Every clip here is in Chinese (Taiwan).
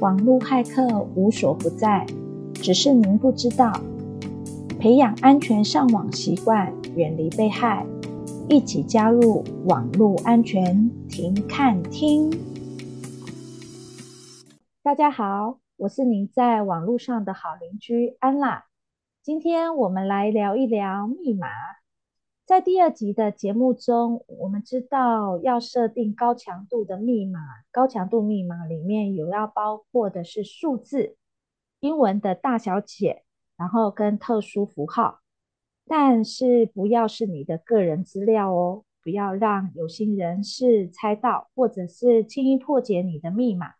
網絡駭客，無所不在，只是您不知道。培養安全上網習慣，遠離被害，一起加入網絡安全停看聽。大家好，我是您在網絡上的好鄰居安娜。今天我們來聊一聊密碼。在第二集的節目中，我們知道要設定高強度的密碼。高強度密碼裡面有要包括的是數字、英文的大小寫，然後跟特殊符號，但是不要是你的個人資料哦，不要讓有心人士猜到，或者是輕易破解你的密碼。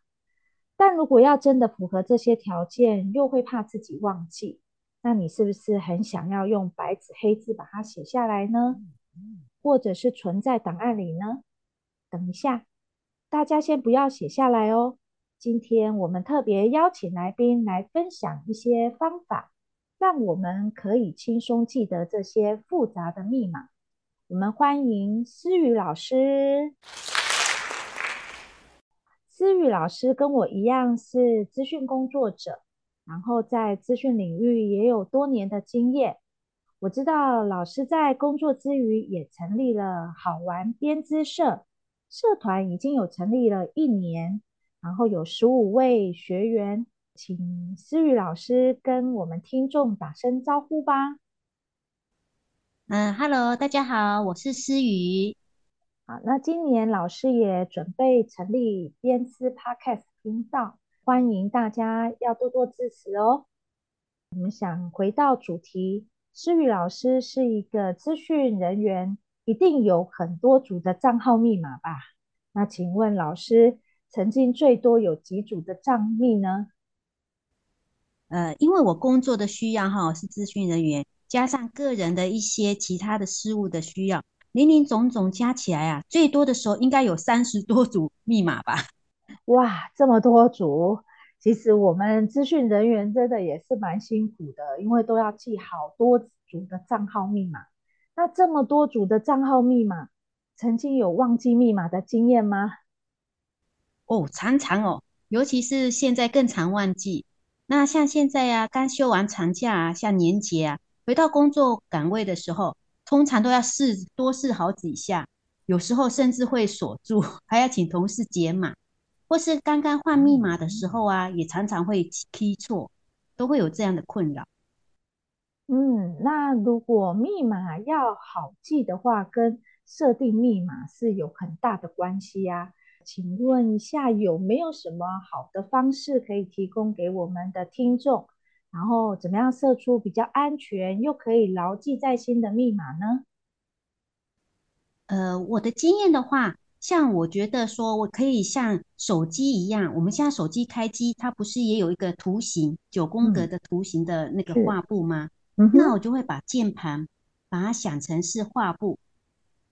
但如果要真的符合這些條件，又會怕自己忘記。那你是不是很想要用白紙黑字把它寫下來呢？或者是存在檔案裡呢？等一下，大家先不要寫下來哦。今天我們特別邀請來賓來分享一些方法，讓我們可以輕鬆記得這些複雜的密碼。我們歡迎詩雨老師。 詩雨老師跟我一樣是資訊工作者。然後在資訊領域也有多年的經驗。我知道老師在工作之餘也成立了好玩編織社，社團已經有成立了一年，然後有十五位學員。請詩雨老師跟我們聽眾打聲招呼吧。嗯，uh，Hello，大家好，我是詩雨。好，那今年老師也準備成立編織 Podcast 頻道。歡迎大家要多多支持哦。我們想回到主題，詩雨老師是一個資訊人員，一定有很多組的賬號密碼吧？那請問老師，曾經最多有幾組的賬密呢？呃，因為我工作的需要哈，是資訊人員，加上個人的一些其他的事務的需要，零零總總加起來啊，最多的時候應該有三十多組密碼吧。哇，這麼多組，其實我們資訊人員真的也是蠻辛苦的，因為都要記好多組的賬號密碼。那這麼多組的賬號密碼，曾經有忘記密碼的經驗嗎？哦，常常哦，尤其是現在更常忘記。那像現在呀、啊，剛休完長假啊，像年節啊，回到工作崗位的時候，通常都要試多試好幾下，有時候甚至會鎖住，還要請同事解碼。或是剛剛換密碼的時候啊，也常常會 key 錯，都會有這樣的困擾。嗯，那如果密碼要好記的話，跟設定密碼是有很大的關係呀、啊。請問一下，有沒有什麼好的方式可以提供給我們的聽眾？然後怎麼樣設出比較安全又可以牢記在心的密碼呢？呃，我的經驗的話。像我覺得說，我可以像手機一樣，我們現在手機開機，它不是也有一個圖形九宮格的圖形的那個畫布嗎？嗯嗯。那我就會把鍵盤把它想成是畫布，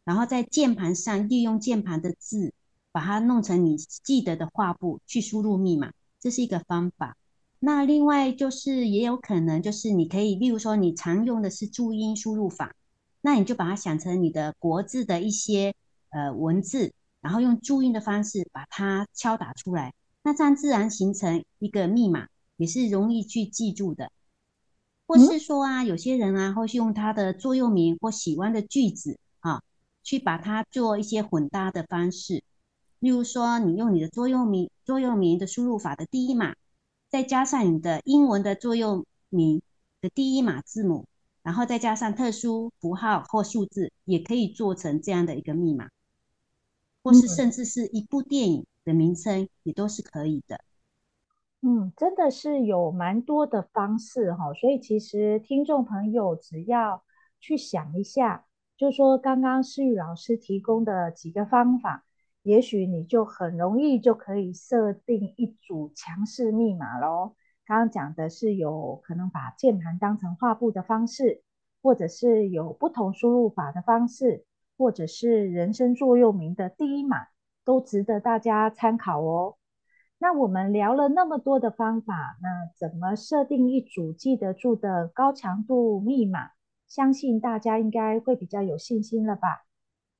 然後在鍵盤上利用鍵盤的字把它弄成你記得的畫布去輸入密碼，這是一個方法。那另外就是也有可能就是你可以，例如說你常用的是注音輸入法，那你就把它想成你的國字的一些。呃，文字，然後用注音的方式把它敲打出來，那這樣自然形成一個密碼，也是容易去記住的。或是說啊，嗯、有些人啊，會用他的座右銘或喜歡的句子啊，去把它做一些混搭的方式。例如說，你用你的座右銘座右銘的輸入法的第一碼，再加上你的英文的座右銘的第一碼字母，然後再加上特殊符號或數字，也可以做成這樣的一個密碼。或是甚至是一部電影的名稱也都是可以的。嗯，真的是有蠻多的方式哈，所以其實聽眾朋友只要去想一下，就說剛剛詩雨老師提供的幾個方法，也許你就很容易就可以設定一組強勢密碼嘍。剛剛講的是有可能把鍵盤當成畫布的方式，或者是有不同輸入法的方式。或者是人生座右銘的第一碼，都值得大家參考哦。那我們聊了那麼多的方法，那怎麼設定一組記得住的高強度密碼？相信大家應該會比較有信心了吧。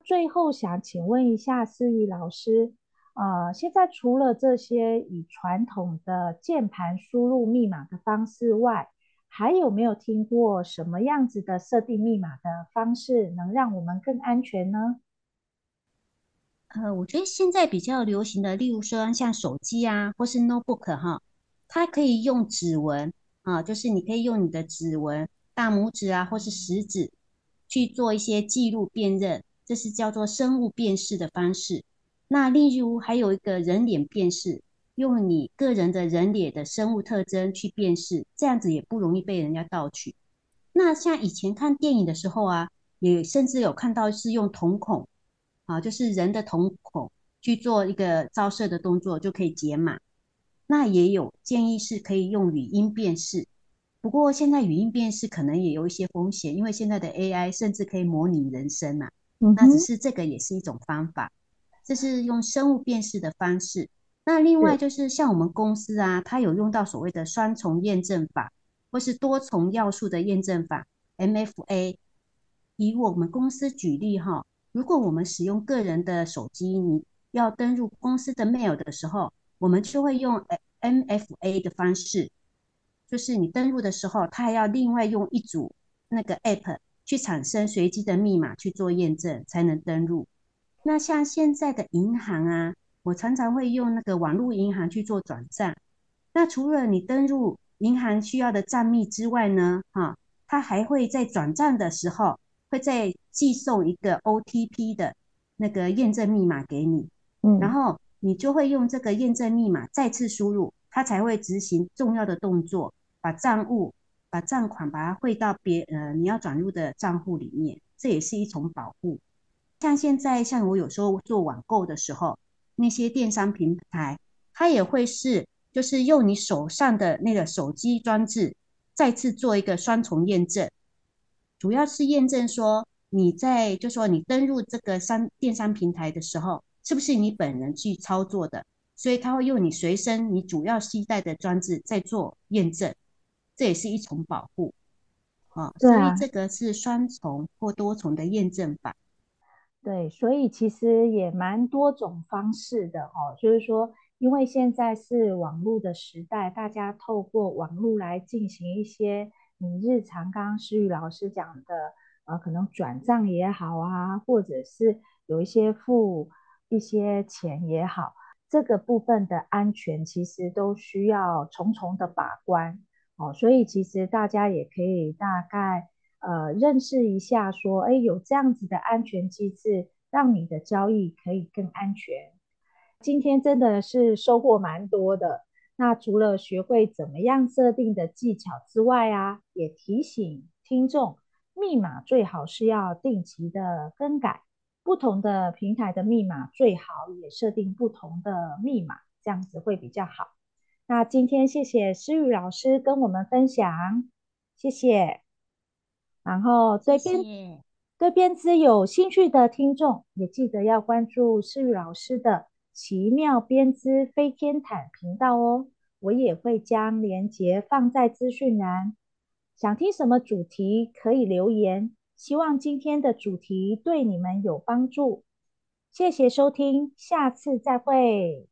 最後想請問一下詩雨老師，呃，現在除了這些以傳統的鍵盤輸入密碼的方式外，還有沒有聽過什麼樣子的設定密碼的方式，能讓我們更安全呢？呃，我覺得現在比較流行的，例如說像手機啊，或是 notebook 哈、啊，它可以用指紋啊，就是你可以用你的指紋、大拇指啊，或是食指去做一些記錄辨認，這是叫做生物辨識的方式。那例如還有一個人臉辨識。用你個人的人臉的生物特徵去辨識，這樣子也不容易被人家盜取。那像以前看電影的時候啊，也甚至有看到是用瞳孔啊，就是人的瞳孔去做一個照射的動作就可以解碼。那也有建議是可以用語音辨識，不過現在語音辨識可能也有一些風險，因為現在的 AI 甚至可以模擬人聲啊。那只是這個也是一種方法，這是用生物辨識的方式。那另外就是像我們公司啊，它有用到所謂的雙重驗證法，或是多重要素的驗證法 （MFA）。以我們公司舉例哈，如果我們使用個人的手機，你要登入公司的 mail 的時候，我們就會用 MFA 的方式，就是你登入的時候，它還要另外用一組那個 app 去產生隨機的密碼去做驗證，才能登入。那像現在的銀行啊。我常常會用那個網絡銀行去做轉賬。那除了你登入銀行需要的賬密之外呢，哈，它還會在轉賬的時候，會再寄送一個 OTP 的那個驗證密碼給你。嗯，然後你就會用這個驗證密碼再次輸入，它才會執行重要的動作，把賬務、把賬款把它匯到別呃你要轉入的賬戶裡面。這也是一種保護。像現在，像我有時候做網購的時候。那些電商平台，它也會是，就是用你手上的那個手機裝置，再次做一個雙重驗證，主要是驗證說你在，就是說你登入這個商電商平台的時候，是不是你本人去操作的，所以他會用你隨身、你主要攜帶的裝置在做驗證，這也是一重保護，啊，所以這個是雙重或多重的驗證法。對，所以其實也蠻多種方式的哦。就是說，因為現在是網絡的時代，大家透過網絡來進行一些你日常剛剛詩雨老師講的，呃、啊，可能轉賬也好啊，或者是有一些付一些錢也好，這個部分的安全其實都需要重重的把關哦。所以其實大家也可以大概。呃，認識一下，說，哎，有這樣子的安全機制，讓你的交易可以更安全。今天真的是收穫蠻多的。那除了學會怎麼樣設定的技巧之外啊，也提醒聽眾，密碼最好是要定期的更改，不同的平台的密碼最好也設定不同的密碼，這樣子會比較好。那今天謝謝詩雨老師跟我們分享，謝謝。然後對編謝謝對編織有興趣的聽眾，也記得要關注詩雨老師的奇妙編織飛天毯頻道哦。我也會將鏈接放在資訊欄。想聽什麼主題可以留言。希望今天的主題對你們有幫助。謝謝收聽，下次再會。